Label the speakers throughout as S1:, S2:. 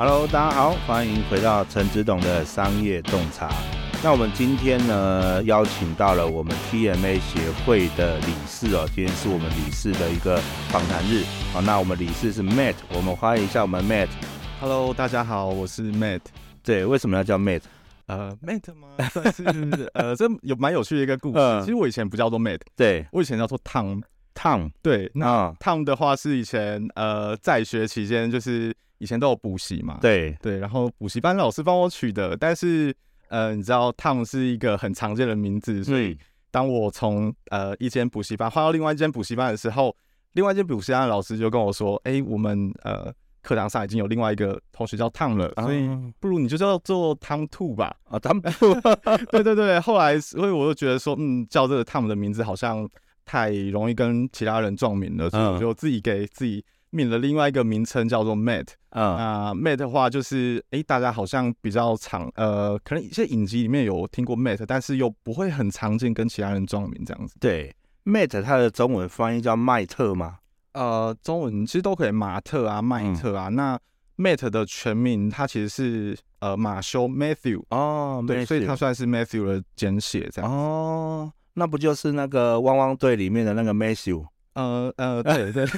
S1: Hello，大家好，歡迎回到陳執董的商業洞察。那我們今天呢，邀請到了我們 TMA 協會的理事哦，今天是我們理事的一個訪談日。好，那我們理事是 Matt，我們歡迎一下我們 Matt。
S2: Hello，大家好，我是 Matt。對，為什麼要叫 Matt？呃，Matt 嗎？算 是呃，這有蠻有趣的一個故事。 呃、其實我以前不叫做 Matt，對，我以前叫做 Tom。Tom，對，那、哦、Tom 的話是以前呃在學期間就是。以前都有補習嘛，對對，然後補習班老師幫我取的，但是呃，你知道 Tom 是一個很常見的名字，所以當我從呃一間補習班換到另外一間補習班的時候，另外一間補習班的老師就跟我說：“哎、欸，我們呃課堂上已經有另外一個同學叫 Tom 了，所以、啊、不如你就叫做 Tom Two 吧。”啊、uh,，Tom 對對對。後來，所以我就覺得說，嗯，叫這個 Tom 的名字好像太容易跟其他人撞名了，嗯、所以我就自己給自己。命的另外一個名稱叫做 Matt 啊 Matt 的話就是，哎、欸，大家好像比較常，呃，可能一些影集裡面有聽過 Matt，但是又不會很常見跟其他人撞名這樣子。對 Matt 它的中文翻譯叫麥特嗎？呃，中文其實都可以馬特啊、麥特啊。嗯、那 Matt 的全名它其實是呃馬修 Matthew，哦，對，Matthew 所以它算是 Matthew 的簡寫這樣子。
S1: 哦，
S2: 那不就是那個汪汪隊裡面的那個 Matthew？呃呃，對對，對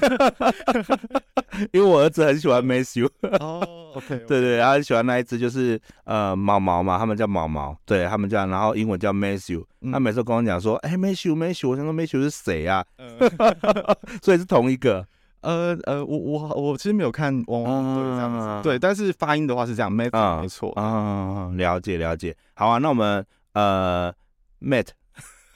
S1: 因為我兒子很喜歡 Miss You、哦。哦、okay, o、okay. 對對，他很喜歡那一隻就是呃毛毛嘛，他們叫毛毛，對他們叫，然後英文叫 Miss You、嗯。他每次跟我講說，哎，Miss You，Miss You，我想說 Miss You 是誰啊？呃、 所以是同一個。
S2: 呃呃，我我我其實沒有看，我這樣子，嗯、
S1: 對，但是發音的話是這樣，Miss、嗯、沒錯，啊、嗯嗯，了解了解。好啊，那我們呃 Matt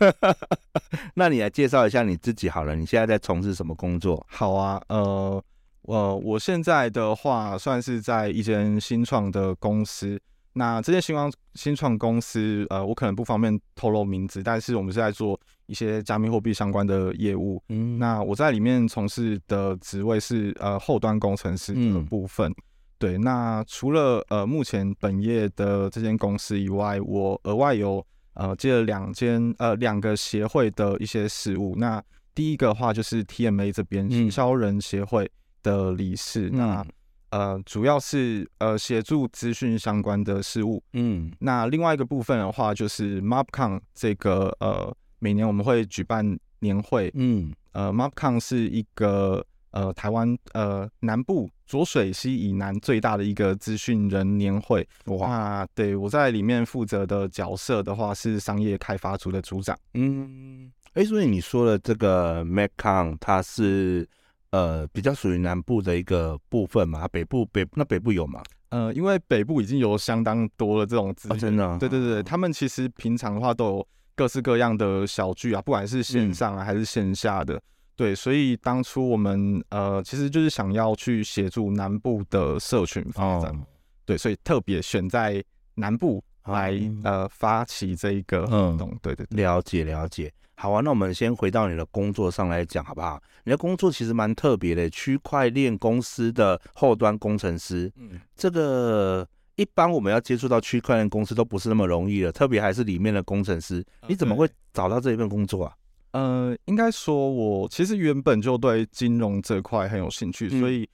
S1: 那你來介紹一下你自己好了。你現在在
S2: 從事什麼工作？好啊，呃，呃，我現在的話，算是在一間新創的公司。那這間新創新創公司，呃，我可能不方便透露名字，但是我們是在做一些加密貨幣相關的業務。嗯，那我在裡面從事的職位是呃後端工程師的部分。嗯、對，那除了呃目前本業的這間公司以外，我額外有。呃，接了兩間呃兩個協會的一些事務。那第一個話就是 TMA 這邊嗯，行銷人協會的理事，嗯、那呃主要是呃協助資訊相關的事務。嗯，那另外一個部分的話就是 mopcon 這個呃，每年我們會舉辦年會。嗯，呃 mopcon 是一個。呃，台灣呃南部濁水溪以南最大的一個資訊人年會哇，啊、對，我在裡面負責的角色的話是商業開發組的組長。嗯，哎、欸，所以你說的這個 mopcon，
S1: 它是呃比較屬於南部的一個部分嘛、啊？北部北那北部
S2: 有嗎？呃，因為北部已經有相當多的這種資源了。啊、真的。對對對，他們其實平常的話都有各式各樣的小聚啊，不管是線上、啊、還是線下的。嗯對，所以當初我們呃，其實就是想要去協助南部的社群發展。嗯、對，所以特別選在南部來、嗯、呃發起這一個活動。嗯，對對對，了解了解。好啊，那我們先回到你的工作上來講，好不好？
S1: 你的工作其實蠻特別的，區塊鏈公司的後端工程師。嗯，這個一般我們要接觸到區塊鏈公司都不是那麼容易的，特別還是裡面的工程師。你怎麼
S2: 會找到這一份工作啊？嗯呃，應該說，我其實原本就對金融這塊很有興趣，嗯、所以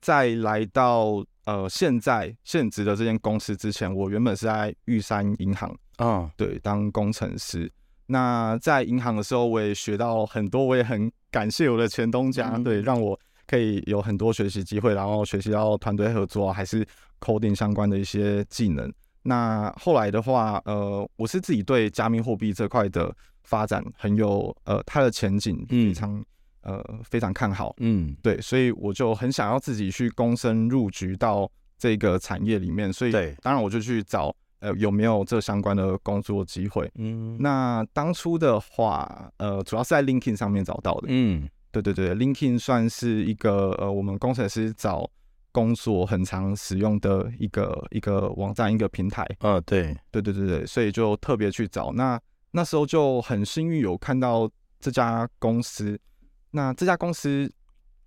S2: 在來到呃現在現職的這間公司之前，我原本是在玉山銀行啊，哦、對，當工程師。那在銀行的時候，我也學到很多，我也很感謝我的前東家，嗯、對，讓我可以有很多學習機會，然後學習到團隊合作啊，還是 coding 相關的一些技能。那後來的話，呃，我是自己對加密貨幣這塊的。發展很有呃，它的前景非常、嗯、呃，非常看好。嗯，對，所以我就很想要自己去躬身入局到這個產業裡面。所以，對，當然我就去找對呃有沒有這相關的工作機會。嗯，那當初的話，呃，主要是在 LinkedIn 上面找到的。嗯，對對對，LinkedIn 算是一個呃，我們工程師找工作很常使用的一個一個網站一個平台。嗯、啊，對對對對對，所以就特別去找那。那時候就很幸運有看到這家公司，那這家公司，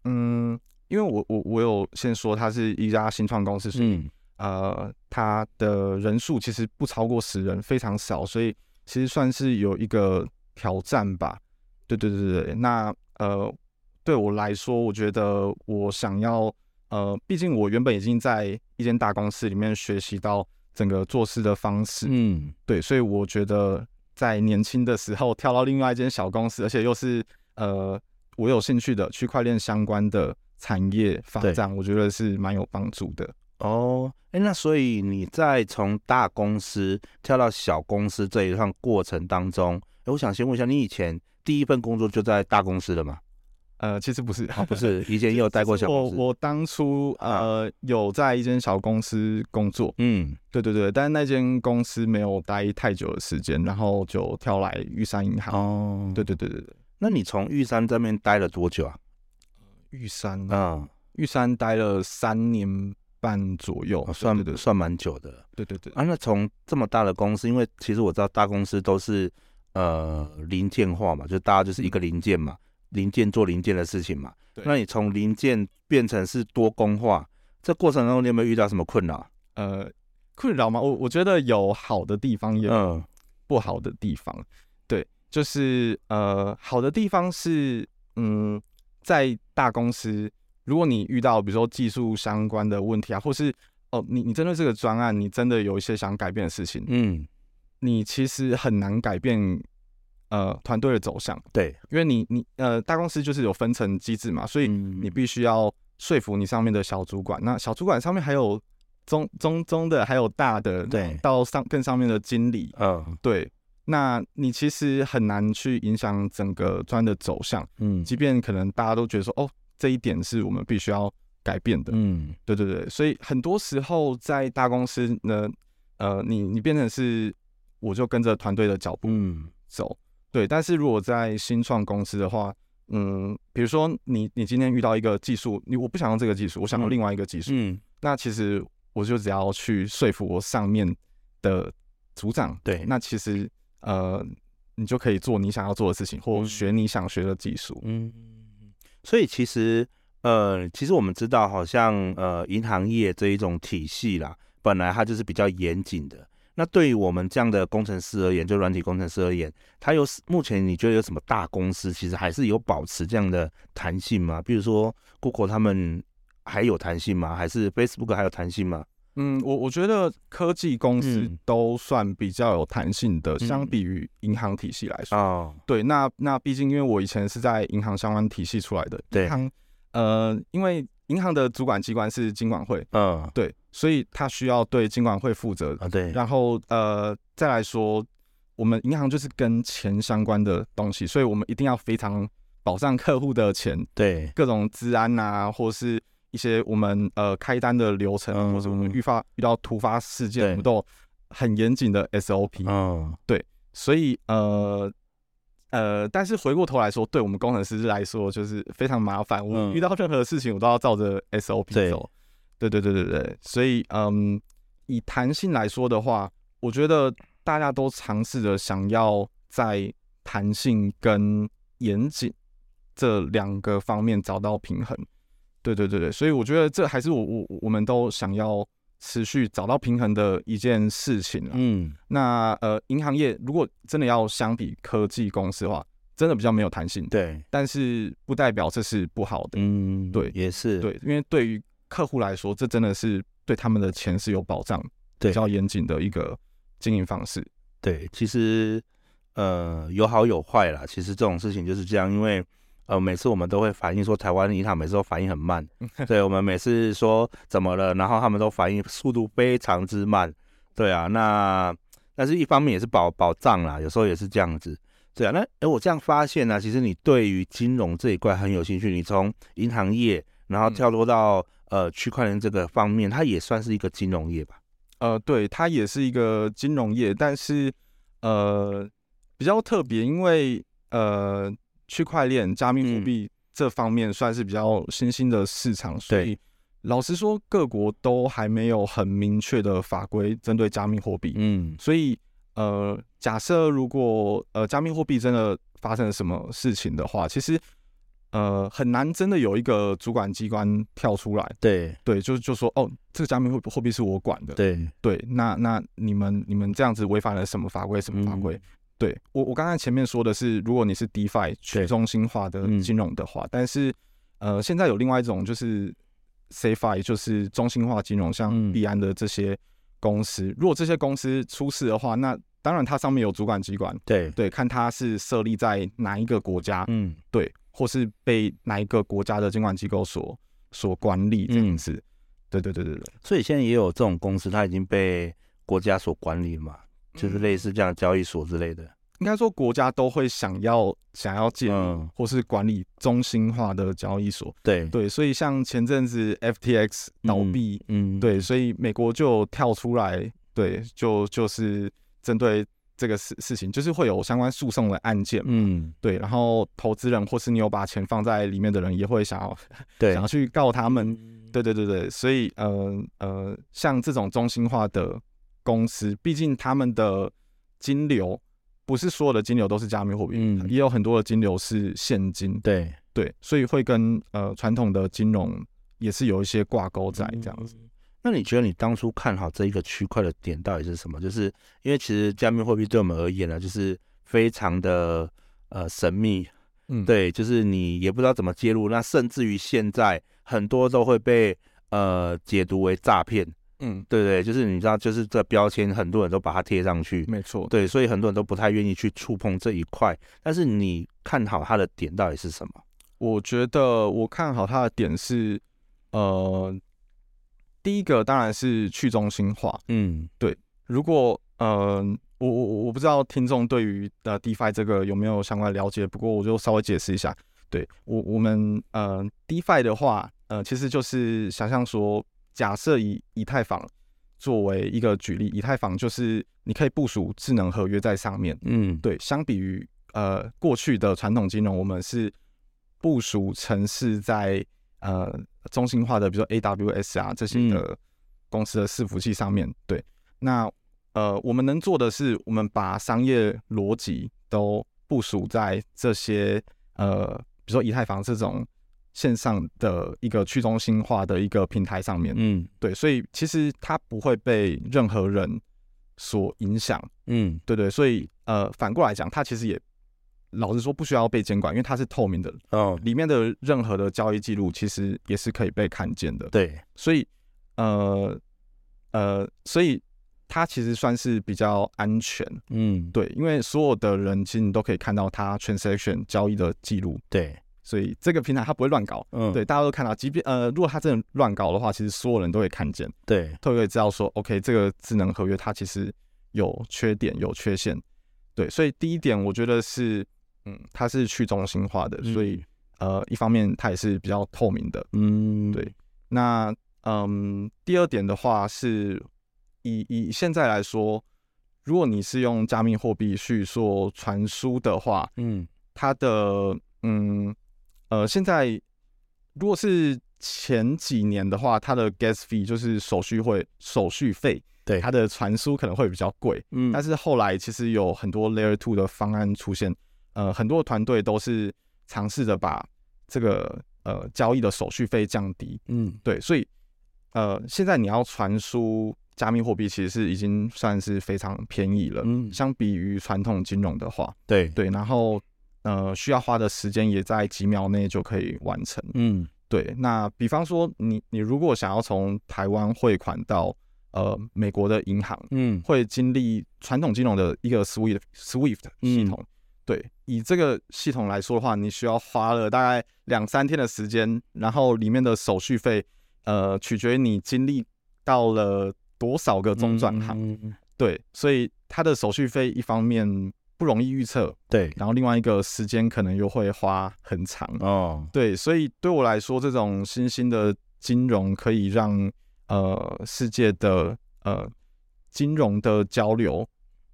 S2: 嗯，因為我我我有先說，它是一家新創公司，所以、嗯、呃，它的人數其實不超過十人，非常少，所以其實算是有一個挑戰吧。對對對對，那呃，對我來說，我覺得我想要，呃，畢竟我原本已經在一間大公司裡面學習到整個做事的方式，嗯，對，所以我覺得。在年輕的時候跳到另外一間小公司，而且又是呃我有興趣的區塊鏈相關的產業發展，對我覺得是蠻有幫助的。哦，哎、欸，那所以你在從大公司跳到小公司這一段
S1: 過程當中，哎、欸，我想先問一下，你以前第一份工作就在大公司了嗎？
S2: 呃，其實不是，好、哦，不是，以前也有待過小公司。我我當初呃有在一間小公司工作，嗯，對對對，但是那間公司沒有待太久的時間，然後就跳來玉山銀行。哦，對對對對對。那你從玉山這邊待了多久啊？玉山、啊，嗯、哦，玉山待了三年半
S1: 左右。哦、算算蠻久的。對對對。啊，那從這麼大的公司，因為其實我知道大公司都是呃零件化嘛，就大家就是一個零件嘛。嗯零件做零件的事情嘛，對那你從零件變成是多工化，這過程中你有沒有遇到
S2: 什麼困擾？呃，困擾嗎？我我覺得有好的地方，有不好的地方。嗯、對，就是呃，好的地方是，嗯，在大公司，如果你遇到比如說技術相關的問題啊，或是哦、呃，你你針對這個專案，你真的有一些想改變的事情，嗯，你其實很難改變。呃，團隊的走向，對，因為你你呃，大公司就是有分層機制嘛，所以你必須要說服你上面的小主管，嗯、那小主管上面還有中中中的，還有大的，對，到上更上面的經理，嗯、呃，對，那你其實很難去影響整個專的走向，嗯，即便可能大家都覺得說，哦，這一點是我們必須要改變的，嗯，對對對，所以很多時候在大公司呢，呃，你你變成是我就跟着團隊的腳步走。嗯對，但是如果在新創公司的話，嗯，比如說你，你今天遇到一個技術，你我不想用這個技術，我想用另外一個技術，嗯，嗯，那其實我就只要去說服我上面的組長，對，那其實呃，你就可以做你想要做的事情，或學你想學的技術。嗯，嗯，
S1: 所以其實呃，其實我們知道，好像呃，銀行業這一種體系啦，本來它就是比較嚴謹的。那對於我們這樣的工程師而言，就軟體工程師而言，他有目前你覺得有什麼大公司其實還是有保持這樣的彈性嗎？比如說 Google 他們還有彈性嗎？還是 Facebook 還有彈性嗎？嗯，
S2: 我我覺得科技公司都算比較有彈性的，嗯、相比於銀行體系來說啊。嗯、對，那那畢竟因為我以前是在銀行相關體系出來的，銀行對呃，因為銀行的主管機關是金管會，嗯、呃，對。所以他需要對金管會負責。啊，對。然後呃，再來說，我們銀行就是跟錢相關的東西，所以我們一定要非常保障客戶的錢。對，各種資安啊，或是一些我們呃開單的流程，或者我們遇發遇到突發事件，嗯、我們都很嚴謹的 SOP。嗯，對。所以呃、嗯、呃，但是回過頭來說，對我們工程師來說，就是非常麻煩。我遇到任何事情，我都要照着 SOP 走。對。對對對對對，所以嗯，以彈性來說的話，我覺得大家都嘗試着想要在彈性跟嚴謹這兩個方面找到平衡。對對對對，所以我覺得這還是我我我們都想要持續找到平衡的一件事情啊。嗯，那呃，銀行業如果真的要相比科技公司的話，真的比較沒有彈性。對，但是不代表這是不好的。嗯，對，也是對，因為對於客戶來說，這真的是對他們的錢是有保障，比較嚴謹的一個經營方式。對。對，其實
S1: 呃有好有壞啦。其實這種事情就是這樣，因為呃每次我們都會反映說，台灣的銀行每次都反應很慢。對， 我們每次說怎麼了，然後他們都反應速度非常之慢。對啊，那但是一方面也是保保障啦，有時候也是這樣子。對啊，那哎、欸，我這樣發現呢、啊，其實你對於金融這一塊很有興趣，你從銀行業。然後跳落到、嗯、呃區塊鏈這個方面，它也算是
S2: 一個金融業吧？呃，對，它也是一個金融業，但是呃比較特別，因為呃區塊鏈加密貨幣這方面算是比較新興的市場，嗯、所以對老實說，各國都還沒有很明確的法規針對加密貨幣。嗯，所以呃，假設如果呃加密貨幣真的發生了什麼事情的話，其實。呃，很難真的有一個主管機關跳出來，對對，就是就說哦，這個加密貨貨幣是我管的，對對，那那你們你們這樣子違反了什麼法規？什麼法規？嗯、對我我剛才前面說的是，如果你是 DeFi 去中心化的金融的話，對但是呃，現在有另外一種就是 CeFi，就是中心化金融，像幣安的這些公司，嗯、如果這些公司出事的話，那當然它上面有主管機關，對對，看它是設立在哪一個國家，嗯，對。或是被哪一個國家的監管機構所所管理這樣子，嗯、對對對對對。所以現在
S1: 也有這種公司，它已經被國家所管理了嘛，就是類似這樣的交易所之類
S2: 的。應該說國家都會想要想要建或是管理中心化的交易所。嗯、對對，所以像前陣子 FTX 倒閉，嗯，對，所以美國就跳出來，對，就就是針對。這個事事情，就是會有相關訴訟的案件，嗯，對，然後投資人或是你有把錢放在裡面的人也會想要，對想要去告他們，嗯、對對對對，所以呃呃，像這種中心化的公司，畢竟他們的金流不是所有的金流都是加密貨幣，嗯，也有很多的金流是現金，對對，所以會跟呃傳統的金融也是有一些掛鈎在、嗯、這樣子。那你覺得
S1: 你當初看好這一個區塊的點到底是什麼？就是因為其實加密貨幣對我們而言呢，就是非常的呃神秘，嗯，對，就是你也不知道怎麼介入。那甚至於現在很多都會被呃解讀為詐騙，嗯，對，對對，就是你知道，就是這標籤很多人都把它貼上去，沒錯，對，所以很多人都不太願意去觸碰這一塊。但是你看好它的點到底是什麼？我覺
S2: 得我看好它的點是呃。第一個當然是去中心化，嗯，對。如果嗯、呃，我我我不知道聽眾對於、呃、DeFi 這個有沒有相關了解，不過我就稍微解釋一下。對我我們、呃、DeFi 的話，呃，其實就是想象說，假設以以太坊作為一個舉例，以太坊就是你可以部署智能合約在上面，嗯，對。相比於呃過去的傳統金融，我們是部署程式在呃。中心化的，比如說 AWS 啊這些的公司的伺服器上面，嗯，對，那呃我們能做的是，我們把商業邏輯都部署在這些呃，比如說以太坊這種線上的一個去中心化的一個平台上面，嗯，對，所以其實它不會被任何人所影響，嗯，對，對對，所以呃反過來講，它其實也。老實說，不需要被監管，因為它是透明的。嗯，um, 裡面的任何的交易記錄其實也是可以被看見的。對，所以呃呃，所以它其實算是比較安全。嗯，對，因為所有的人其實你都可以看到它 transaction 交易的記錄。對，所以這個平台它不會亂搞。嗯，對，大家都看到，即便呃，如果它真的亂搞的話，其實所有人都會看見。對，都會知道說，OK，這個智能合約它其實有缺點、有缺陷。對，所以第一點，我覺得是。嗯，它是去中心化的，嗯、所以呃，一方面它也是比較透明的。嗯，對。那嗯，第二點的話是以，以以現在來說，如果你是用加密貨幣去做傳輸的話，嗯，它的嗯呃，現在如果是前幾年的話，它的 gas fee 就是手續費、手續費，對，它的傳輸可能會比較貴。嗯，但是後來其實有很多 layer two 的方案出現。呃，很多團隊都是嘗試着把這個呃交易的手續費降低，嗯，對，所以呃，現在你要傳輸加密貨幣，其實是已經算是非常便宜了，嗯，相比於傳統金融的話，對對，然後呃，需要花的時間也在幾秒內就可以完成，嗯，對。那比方說你，你你如果想要從台灣匯款到呃美國的銀行，嗯，會經歷傳統金融的一個 SWIFT SWIFT 系統。嗯對，以這個系統來說的話，你需要花了大概兩三天的時間，然後裡面的手續費，呃，取決於你經歷到了多少個中轉行。嗯、對，所以它的手續費一方面不容易預測，對，然後另外一個時間可能又會花很長。哦，對，所以對我來說，這種新興的金融可以讓呃世界的呃金融的交流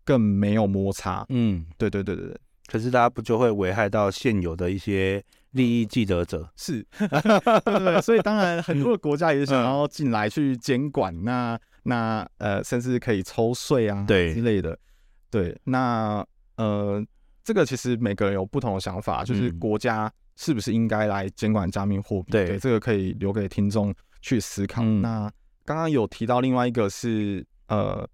S2: 更沒有摩擦。嗯，對對對對對。可是大家不就會危害到現有的一些利益既得者？嗯、是， 對對對。所以當然，很多的國家也是想要進來去監管。嗯、那那呃，甚至可以抽稅啊，對之類的。對，對，那呃，這個其實每個人有不同的想法，就是國家是不是應該來監管加密貨幣？嗯、對，這個可以留給聽眾去思考。嗯、那剛剛有提到另外一個是呃，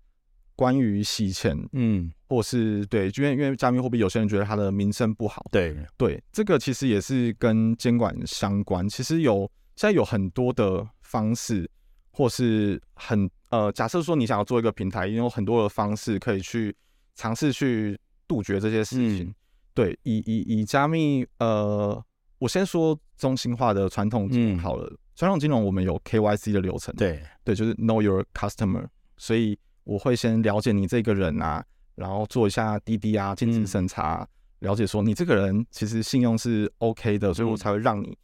S2: 關於洗錢，嗯。或是對，就因為因為加密貨幣，有些人覺得它的名聲不好。對對，這個其實也是跟監管相關。其實有現在有很多的方式，或是很呃，假設說你想要做一個平台，也有很多的方式可以去嘗試去杜絕這些事情。嗯、對，以以以加密呃，我先說中心化的傳統金融好了，嗯、傳統金融我們有 KYC 的流程，對對，就是 Know Your Customer，所以我會先了解你這個人啊。然後做一下 DD 啊，盡職審查，嗯、了解說你這個人其實信用是 OK 的，所以我才會讓你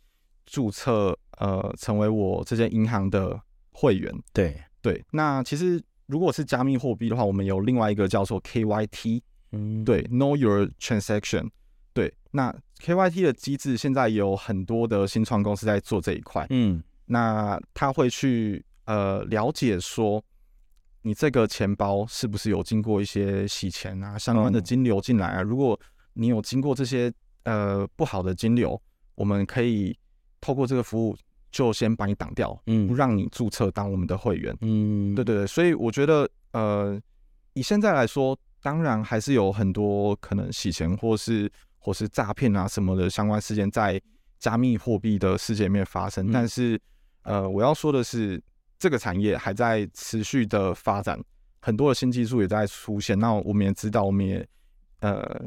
S2: 註冊呃成為我這間銀行的會員。對對，那其實如果是加密貨幣的話，我們有另外一個叫做 K Y T，嗯，對，Know Your Transaction，對，那 K Y T 的機制現在有很多的新創公司在做這一塊，嗯，那他會去呃了解說。你這個錢包是不是有經過一些洗錢啊相關的金流進來啊？如果你有經過這些呃不好的金流，我們可以透過這個服務就先把你擋掉，嗯，不讓你注冊當我們的會員，嗯，對對對。所以我覺得呃以現在來說，當然還是有很多可能洗錢或是或是詐騙啊什麼的相關事件在加密貨幣的世界裡面發生，但是呃我要說的是。這個產業還在持續的發展，很多的新技術也在出現。那我們也知道，我們也呃，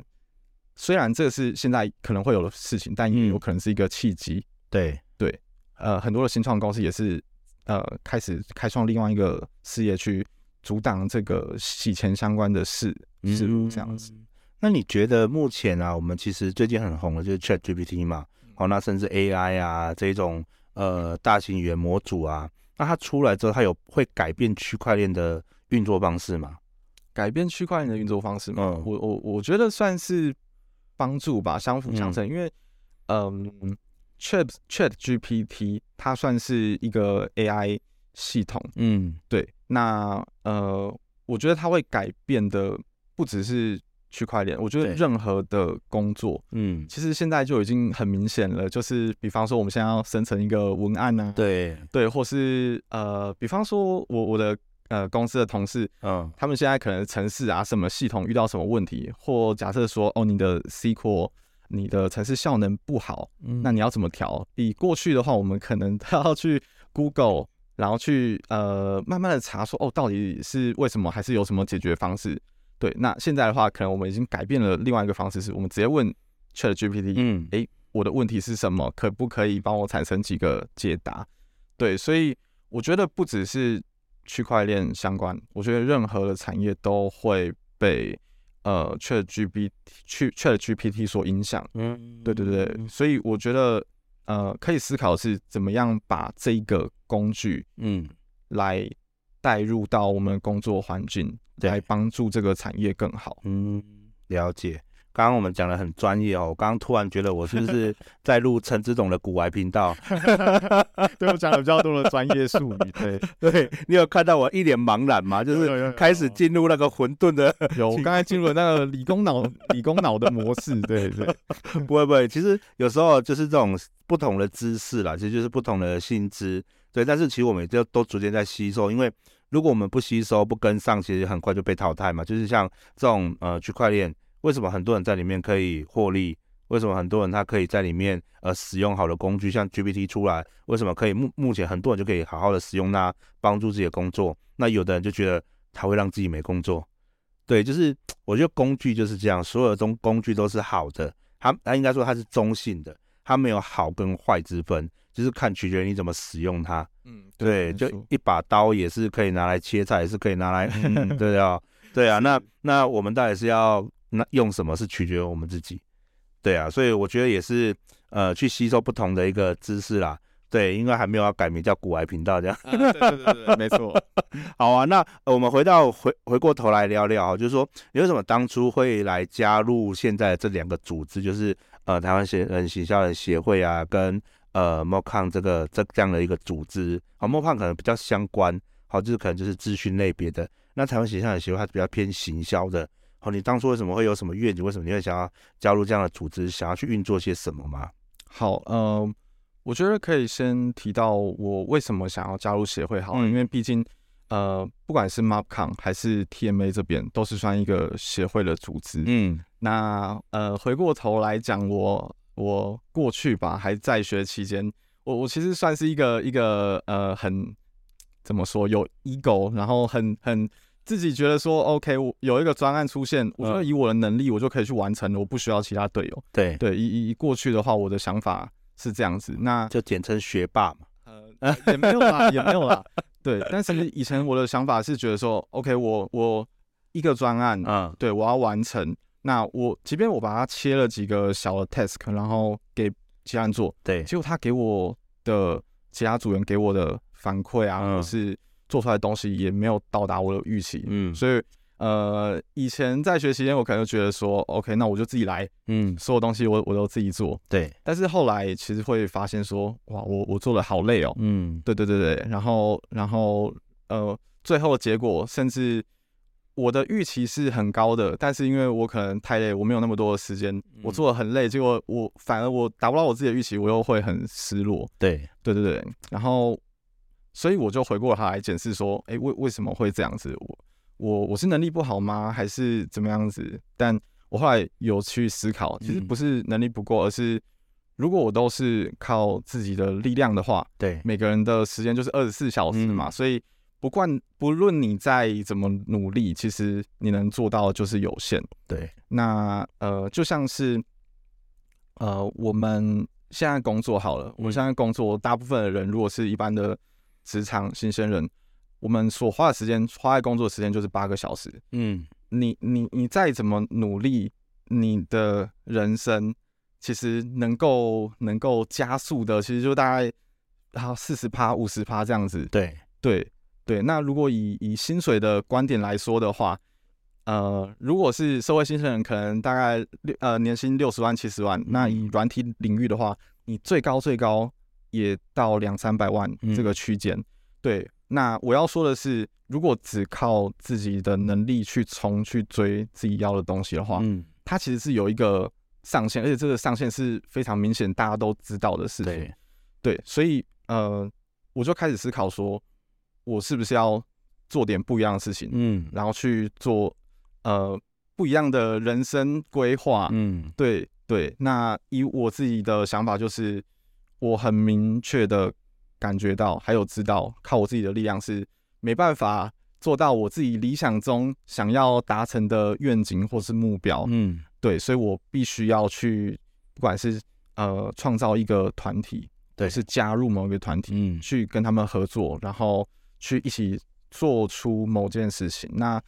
S2: 雖然這是現在可能會有的事情，但因為有可能是一個契機。嗯、對對，呃，很多的新創公司也是呃，開始開創另外一個事業去阻擋這個洗錢相關的事事這樣子、嗯。
S1: 那你覺得目前啊，我們其實最近很紅的就是 ChatGPT 嘛？好、哦，那甚至 AI 啊這種呃大型語言模組啊。那、啊、它出來之後，它有會改變區
S2: 塊鏈的運作方式嗎？改變區塊鏈的運作方式嗎？嗯，我我我覺得算是幫助吧，相輔相成。嗯、因為，嗯 Chat Chat GPT 它算是一個 AI 系統，嗯，對。那呃，我覺得它會改變的不只是，區塊鏈，我覺得任何的工作，嗯，其實現在就已經很明顯了。就是比方說，我們現在要生成一個文案呢？啊，對對，或是呃，比方說我我的呃公司的同事，嗯，他們現在可能城市啊什麼系統遇到什麼問題，或假設說哦，你的 C Core，你的城市效能不好，嗯，那你要怎麼調？以過去的話，我們可能都要去 Google，然後去呃慢慢的查說哦，到底是為什麼，還是有什麼解決方式？對，那現在的話，可能我們已經改變了另外一個方式是，是我們直接問 ChatGPT。嗯，誒，我的問題是什麼？可不可以幫我產生幾個解答？對，所以我覺得不只是區塊鏈相關，我覺得任何的產業都會被呃 ChatGPT、去 ChatGPT 所影響。嗯，對對對，所以我覺得呃，可以思考是怎麼樣把這一個工具，嗯，來。帶入到我們工作環境，來幫對助這個產業更好。嗯，了解。
S1: 剛剛我們講得很專業哦，我剛剛突然覺得我是不是在錄陳執董的古玩頻道？ 對，我講了比較多的專業術語。對，對你有看到我一臉茫然嗎？就是開始進入那個混沌的，有剛 有請才進入那個理工腦、
S2: 理工腦的模式。對對，對，
S1: 不會不會，其實有時候就是這種不同的知識啦，其實就是不同的薪資。對，但是其實我們就都逐漸在吸收，因為。如果我們不吸收，不跟上，其實很快就被淘汰嘛。就是像這種呃區塊鏈，為什麼很多人在裡面可以獲利？為什麼很多人他可以在裡面呃使用好的工具，像 GPT 出來，為什麼可以目目前很多人就可以好好的使用它，幫助自己的工作？那有的人就覺得他會讓自己沒工作。對，就是我覺得工具就是這樣，所有的工具都是好的，它它應該說它是中性的，它沒有好跟壞之分。就是看取決於你怎麼使用它，嗯，對，對錯就一把刀也是可以拿來切菜，也是可以拿來，嗯、對啊、哦，對啊， 是那那我們到底是要那用什麼是取決於我們自己，對啊，所以我覺得也是呃去吸收不同的一個知識啦，對，因為還沒有要改名叫古玩頻道這樣，啊、對，對對對， 沒錯，好啊，那我們回到回回過頭來聊聊哈，就是說你為什麼當初會來加入現在這兩個組織，就是呃台灣行銷人協會啊跟。呃 mopcon 這個這樣的一個組織，好 mopcon 可能比較相關，好，就是可能就是資訊類別的。那台灣行銷人協會還是比較偏行銷的。好，你當初為什麼會有什麼願景？為
S2: 什麼你會想要加入這樣的組織？想要去運作些什麼嗎？好，嗯、呃，我覺得可以先提到我為什麼想要加入協會好，好、嗯，因為畢竟，呃，不管是 mopcon 還是 TMA 這邊，都是算一個協會的組織。嗯，那呃，回過頭來講我。我過去吧，還在學期間，我我其實算是一個一個呃，很怎麼說有 ego，然後很很自己覺得說 OK，我有一個專案出現，嗯，我覺得以我的能力，我就可以去完成，我不需要其他隊友。對對，一一過去的話，我的想法是這樣子，那就簡稱學霸嘛。呃，也沒有啦，也沒有啦。 對，但是以前我的想法是覺得說 OK，我我一個專案，嗯，對，我要完成。那我即便我把它切了幾個小的 task，然後給其他人做，對，結果他給我的其他組員給我的反饋啊，或者是做出來的東西也沒有到達我的預期，嗯，所以呃，以前在學期間，我可能就覺得說，OK，那我就自己來，嗯，所有東西我我都自己做，對，但是後來其實會發現說，哇，我我做的好累哦，嗯，對對對對，然後然後呃，最後的結果甚至。我的預期是很高的，但是因為我可能太累，我沒有那麼多的時間，嗯、我做得很累，結果我反而我達不到我自己的預期，我又會很失落。對對對對，然後所以我就回過頭來解釋說，哎、欸，為為什麼會這樣子？我我我是能力不好嗎？還是怎麼樣子？但我後來有去思考，其實不是能力不夠，而是如果我都是靠自己的力量的話，對，每個人的時間就是二十四小時嘛，嗯、所以。不管不論你再怎麼努力，其實你能做到的就是有限。對，那呃，就像是呃，我們現在工作好了，嗯、我們現在工作，大部分的人如果是一般的職場新鮮人，我們所花的時間，花在工作的時間就是八個小時。嗯，你你你再怎麼努力，你的人生其實能夠能夠加速的，其實就大概好四十趴、五十趴這樣子。對對。對對，那如果以以薪水的觀點來說的話，呃，如果是社會新鮮人，可能大概六呃年薪六十萬七十萬。萬嗯、那以軟體領域的話，你最高最高也到兩三百萬這個區間。嗯、對，那我要說的是，如果只靠自己的能力去衝去追自己要的東西的話，嗯，它其實是有一個上限，而且這個上限是非常明顯大家都知道的事情。對，對，所以呃，我就開始思考說。我是不是要做點不一樣的事情？嗯，然後去做呃不一樣的人生規劃。嗯，對對。那以我自己的想法，就是我很明確的感覺到，還有知道靠我自己的力量是沒辦法做到我自己理想中想要達成的願景或是目標。嗯，對，所以我必須要去，不管是呃創造一個團體，對，是加入某一個團體，嗯，去跟他們合作，然後。去一起做出某件事情。那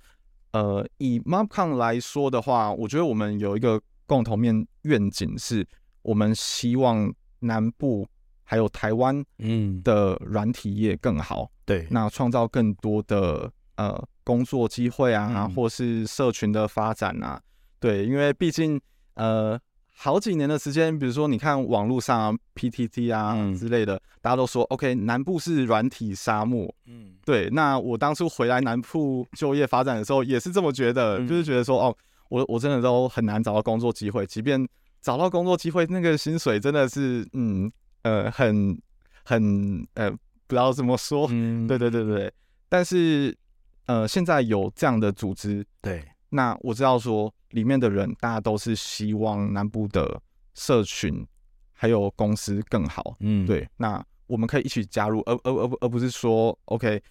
S2: 呃，以 mopcon 來說的話，我覺得我們有一個共同面願景，是我們希望南部還有台灣嗯的軟體業更好。嗯、對，那創造更多的呃工作機會啊，啊，嗯、或是社群的發展啊，對，因為畢竟呃。好幾年的時間，比如說你看網絡上啊、PTT 啊之類的，嗯、大家都說 OK，南部是軟體沙漠。嗯，對。那我當初回來南部就業發展的時候，也是這麼覺得，嗯、就是覺得說，哦，我我真的都很難找到工作機會，即便找到工作機會，那個薪水真的是，嗯呃，很很呃，不要這麼說。嗯，對對對對。但是，呃，現在有這樣的組織，對，那我知道說。裡面的人，大家都是希望南部的社群還有公司更好，嗯，對。那我們可以一起加入，而而而而不是說，OK，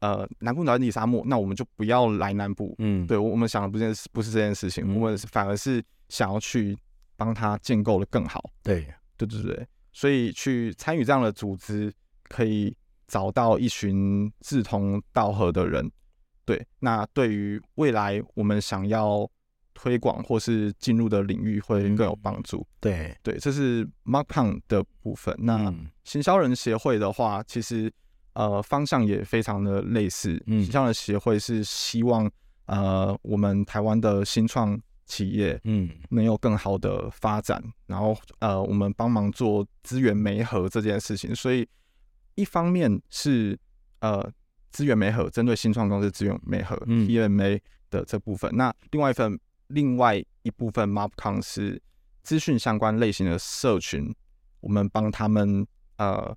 S2: 呃，南部哪裡沙漠，那我們就不要來南部，嗯，對。我們想的不是不是這件事情，嗯，我們反而是想要去幫他建構的更好，對，對對對。所以去參與這樣的組織，可以找到一群志同道合的人，對。那對於未來，我們想要。推廣或是進入的領域會更有幫助，嗯。對對，這是 mopcon 的部分。那行銷人協會的話，其實呃方向也非常的類似。嗯，行銷人協會是希望呃我們台灣的新創企業，嗯，能有更好的發展。嗯、然後呃我們幫忙做資源媒合這件事情。所以一方面是呃資源媒合，針對新創公司資源媒合 TMA 的這部分。那另外一份。另外一部分 mopcon 是資訊相關類型的社群，我們幫他們呃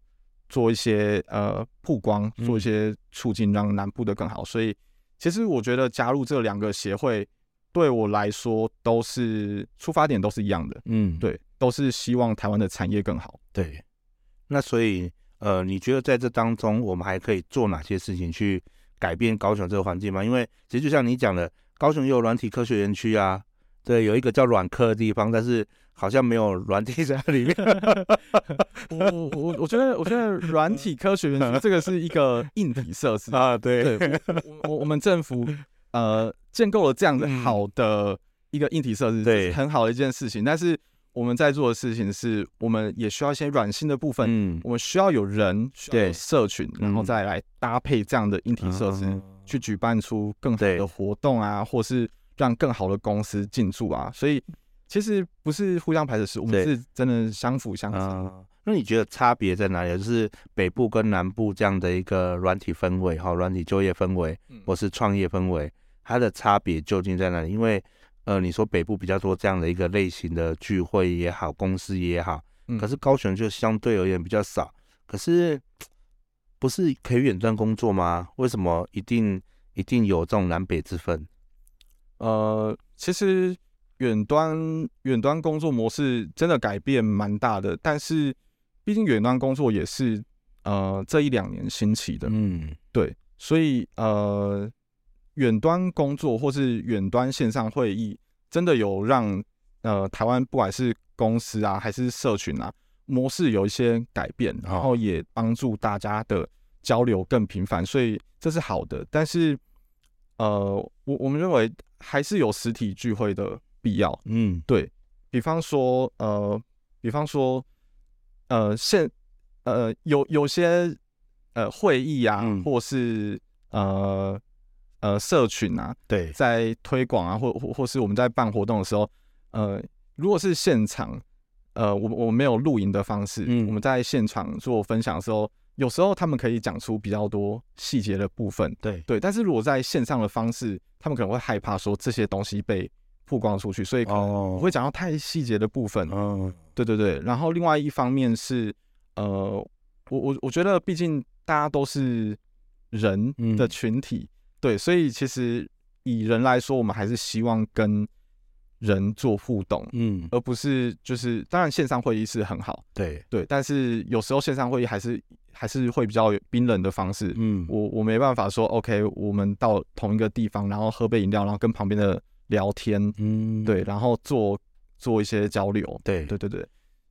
S2: 做一些呃曝光，做一些促進，讓南部的更好。嗯、所以其實我覺得加入這兩個協會對我來說都是出發點都是一樣的，嗯，對，都是希望台灣的產業更好。對，那
S1: 所以呃，你覺得在這當中我們還可以做哪些事情去改變高雄這個環境嗎？因為其實就像你講的。高雄也有軟體科學園區啊，對，有一個叫軟科的地方，但是好像沒有軟體在裡面。
S2: 我我我覺得，我覺得軟體科學園區這個是一個硬體設施啊，對。對，我我，我們政府呃建構了這樣的好的一個硬體設施，對、嗯，是很好的一件事情。對但是我們在做的事情是，我們也需要一些軟性的部分，嗯、我們需要有人，需要有對，社群，然後再來搭配這樣的硬體設施。嗯去舉辦出更好的活動啊，對或是讓更好的公司進駐啊，所以其實不是互相排斥，是對我們是真的相輔相成，呃。那你覺得差別在
S1: 哪裡？就是北部跟南部這樣的一個軟體氛圍哈，哦，軟體就業氛圍、嗯、或是創業氛圍，它的差別究竟在哪裡？因為呃，你說北部比較多這樣的一個類型的聚會也好，公司也好，嗯、可是高雄就相對而言比較少，可是。不是可以遠端工作嗎？為什麼一定
S2: 一定有這種南北之分？呃，其實遠端遠端工作模式真的改變蠻大的，但是畢竟遠端工作也是呃這一兩年興起的，嗯，對，所以呃遠端工作或是遠端線上會議真的有讓呃台灣不管是公司啊還是社群啊。模式有一些改變，然後也幫助大家的交流更頻繁，好所以這是好的。但是，呃，我我們認為還是有實體聚會的必要。嗯，對，比方說，呃，比方說，呃，現呃有有些呃會議啊，嗯、或是呃呃社群啊，對，在推廣啊，或或或是我們在辦活動的時候，呃，如果是現場。呃，我我們沒有錄影的方式，嗯、我們在現場做分享的時候，有時候他們可以講出比較多細節的部分，對對。但是如果在線上的方式，他們可能會害怕說這些東西被曝光出去，所以我不會講到太細節的部分。嗯、哦，對對對。然後另外一方面是，呃，我我我覺得畢竟大家都是人的群體，嗯、對，所以其實以人來說，我們還是希望跟。人做互動，嗯，而不是就是，當然線上會議是很好，對對，但是有時候線上會議還是還是會比較冰冷的方式，嗯，我我沒辦法說，OK，我們到同一個地方，然後喝杯飲料，然後跟旁邊的聊天，嗯，對，然後做做一些交流，對對對對，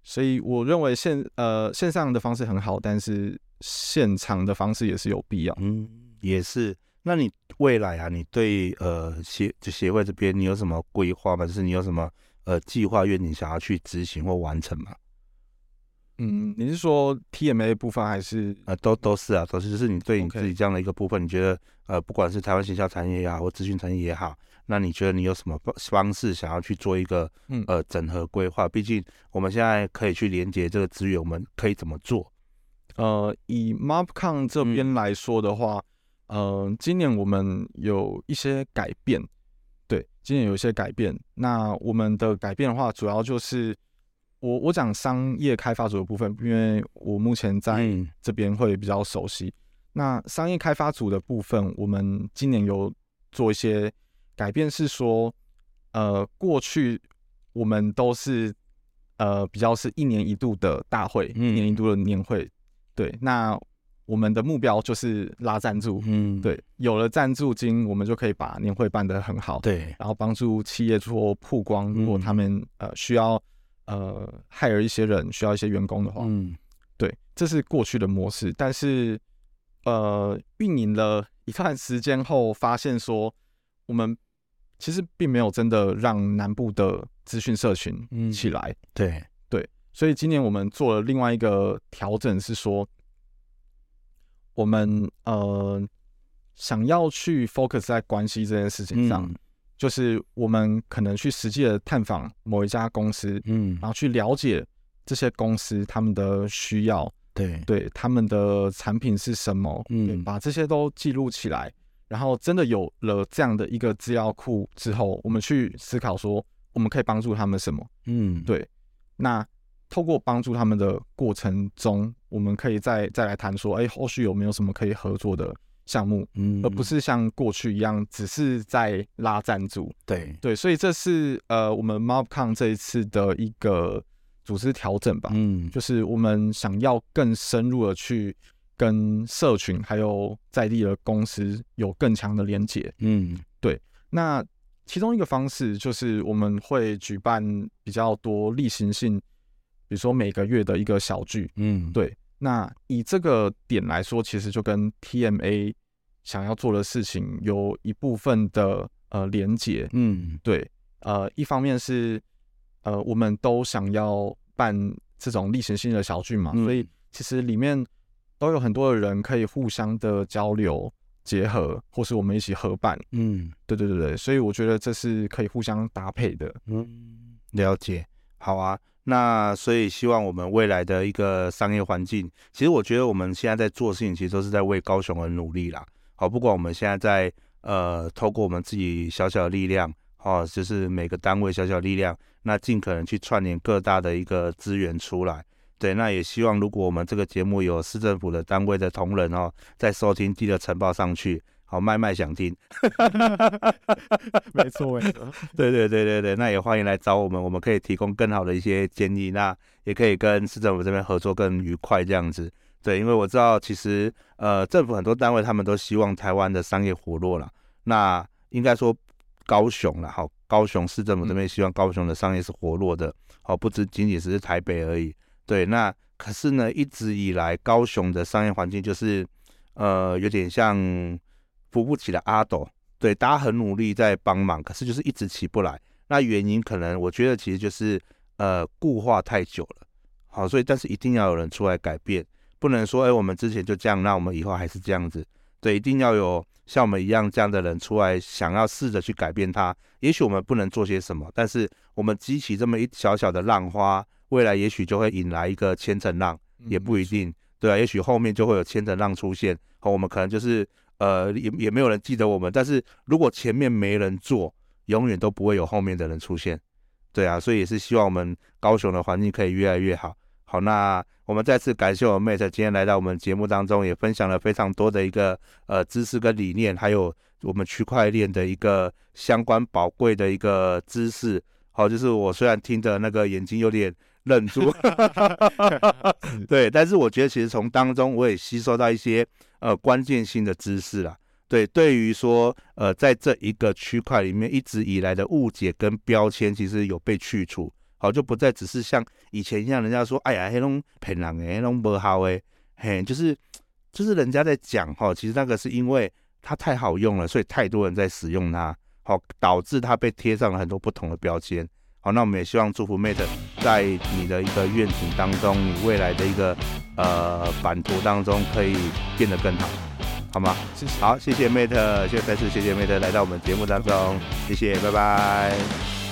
S2: 所以我認為線呃線上的方式很好，但是現場的方式也是有必要，嗯，也是。那你
S1: 未來啊，你對呃協就協會這邊你有什麼規劃嗎？就是你有什麼呃計劃願景想要去執行或完成嗎？嗯，你是說 TMA 部分還是呃都都是啊，都是，就是你對你自己這樣的一個部分，Okay. 你覺得呃，不管是台灣行銷產業也好，或資訊產業也好，那你覺得你有什麼方方式想要去做一個、嗯、呃整合規劃？畢竟我們現在可以去連接這個資源，我們可以怎麼做？
S2: 呃，以 mopcon 這邊來說的話。嗯嗯、呃，今年我們有一些改變，對，今年有一些改變。那我們的改變的話，主要就是我我講商業開發組的部分，因為我目前在這邊會比較熟悉。嗯、那商業開發組的部分，我們今年有做一些改變，是說，呃，過去我們都是呃比較是一年一度的大會，一年一度的年會，嗯、對，那。我們的目標就是拉贊助，嗯，對，有了贊助金，我們就可以把年會辦得很好，對，然後幫助企業做曝光，嗯、如果他們呃需要呃 hire 一些人，需要一些員工的話，嗯，對，這是過去的模式，但是呃，運營了一段時間後，發現說我們其實並沒有真的讓南部的資訊社群嗯起來，嗯、對對，所以今年我們做了另外一個調整，是說。我們呃想要去 focus 在關係這件事情上，嗯，就是我們可能去實際的探訪某一家公司，嗯，然後去了解這些公司他們的需要，對對，他們的產品是什麼，嗯，把這些都記錄起來，然後真的有了這樣的一個資料庫之後，我們去思考說我們可以幫助他們什麼，嗯，對，那透過幫助他們的過程中。我們可以再再來談說，哎、欸，後續有沒有什麼可以合作的項目？嗯，而不是像過去一樣，只是在拉贊助。對對，所以這是呃，我們 mopcon 這一次的一個組織調整吧。嗯，就是我們想要更深入的去跟社群，還有在地的公司有更強的連接。嗯，對。那其中一個方式就是我們會舉辦比較多例行性，比如說每個月的一個小聚。嗯，對。那以這個點來說，其實就跟 TMA 想要做的事情有一部分的呃連接，嗯，對，呃，一方面是呃，我們都想要辦這種例行性的小聚嘛，嗯、所以其實裡面都有很多的人可以互相的交流結合，或是我們一起合辦，嗯，對對對對，所以我覺得這是可以互相搭配的，嗯，
S1: 了解，好啊。那所以希望我們未來的一個商業環境，其實我覺得我們現在在做事情，其實都是在為高雄而努力啦。好，不管我們現在在呃，透過我們自己小小的力量，哦，就是每個單位小小的力量，那盡可能去串聯各大的一個資源出來。對，那也希望如果我們這個節目有市政府的單位的同仁哦，在收聽，記得呈報上去。好，賣賣想聽，
S2: 沒錯，
S1: 對對對對對,那也歡迎來找我們，我們可以提供更好的一些建議，那也可以跟市政府這邊合作更愉快這樣子。對，因為我知道，其實呃，政府很多單位他們都希望台灣的商業活絡了。那應該說高雄了，好，高雄市政府這邊希望高雄的商業是活絡的，嗯、好，不只僅僅只是台北而已。對，那可是呢，一直以來高雄的商業環境就是呃，有點像。扶不起的阿斗，對，大家很努力在幫忙，可是就是一直起不來。那原因可能，我覺得其實就是呃固化太久了。好，所以但是一定要有人出來改變，不能說哎、欸，我們之前就這樣，那我們以後還是這樣子。對，一定要有像我們一樣這樣的人出來，想要試着去改變他。也許我們不能做些什麼，但是我們激起這麼一小小的浪花，未來也許就會引來一個千層浪，嗯、也不一定。對啊，也許後面就會有千層浪出現，好，我們可能就是。呃，也也沒有人記得我們，但是如果前面沒人做，永遠都不會有後面的人出現。對啊，所以也是希望我們高雄的環境可以越來越好。好，那我們再次感謝我們妹 t 今天來到我們節目當中，也分享了非常多的一個呃知識跟理念，還有我們區塊鏈的一個相關寶貴的一個知識。好，就是我雖然聽的那個眼睛有點愣住，對，但是我覺得其實從當中我也吸收到一些。呃，關鍵性的知識啦，對，對於說，呃，在這一個區塊裡面一直以來的誤解跟標籤，其實有被去除，好，就不再只是像以前一樣，人家說，哎呀，黑龍騙人誒，黑龍不好誒，嘿，就是，就是人家在講哈，其實那個是因為它太好用了，所以太多人在使用它，好，導致它被貼上了很多不同的標籤。.好，那我們也希望祝福 Matt 在你的一個願景當中，你未來的一個呃版圖當中可以變得更好，好嗎？謝謝。好，謝謝 Matt，謝謝飛思，謝謝 Matt 來到我們節目當中，好謝謝，拜拜。拜拜。